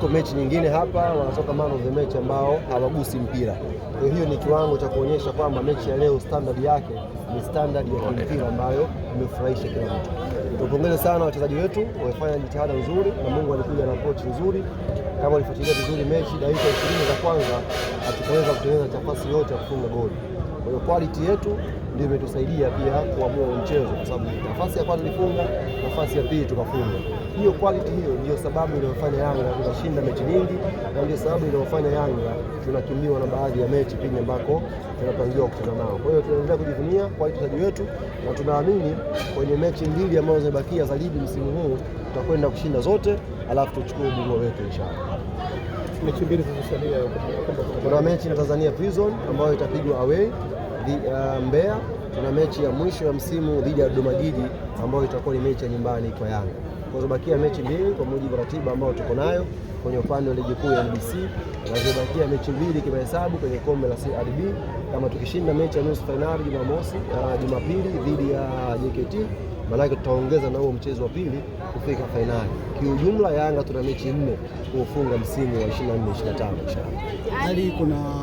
ziko mechi nyingine hapa wanatoka man of the match ambao hawagusi mpira. Kwa hiyo ni kiwango cha kuonyesha kwamba mechi ya leo standard yake ni standard ya mpira ambayo imefurahisha kila mtu. Tupongeze sana wachezaji wetu, wamefanya jitihada nzuri na Mungu alikuja na coach nzuri. Kama ulifuatilia vizuri mechi, dakika ishirini za kwanza hatukuweza kutengeneza nafasi yote ya kufunga goli. Kwa hiyo quality yetu ndio imetusaidia pia kuamua mchezo, kwa sababu nafasi ya kwanza ilifunga, nafasi ya pili tukafunga. Hiyo quality hiyo ndio sababu inayofanya Yanga tunashinda mechi nyingi, na ndio sababu inayofanya Yanga tunakimbiwa na baadhi ya mechi pindi ambako tunapangiwa kucheza nao. Kwa hiyo tunaendelea kujivunia kwa wachezaji wetu na tunaamini kwenye mechi mbili ambazo zimebakia za ligi msimu huu tutakwenda kushinda zote, alafu tuchukue ubingwa wetu inshallah. Mechi mbili zilizosalia, kuna mechi na Tanzania Prison ambayo itapigwa away uh, Mbeya tuna mechi ya mwisho ya msimu dhidi ya Dodoma Jiji ambayo itakuwa ni mechi ya nyumbani kwa Yanga. Kuzobakia mechi mbili kwa mujibu wa ratiba ambayo tuko nayo kwenye upande wa ligi kuu ya NBC, nazobakia mechi mbili kimahesabu kwenye kombe la CRB. Kama tukishinda mechi ya nusu fainali Jumamosi, uh, Jumapili dhidi ya JKT maanake tutaongeza na huo mchezo wa pili kufika fainali. Kiujumla Yanga tuna mechi nne kuufunga msimu wa 24 25 inshallah. Hali kuna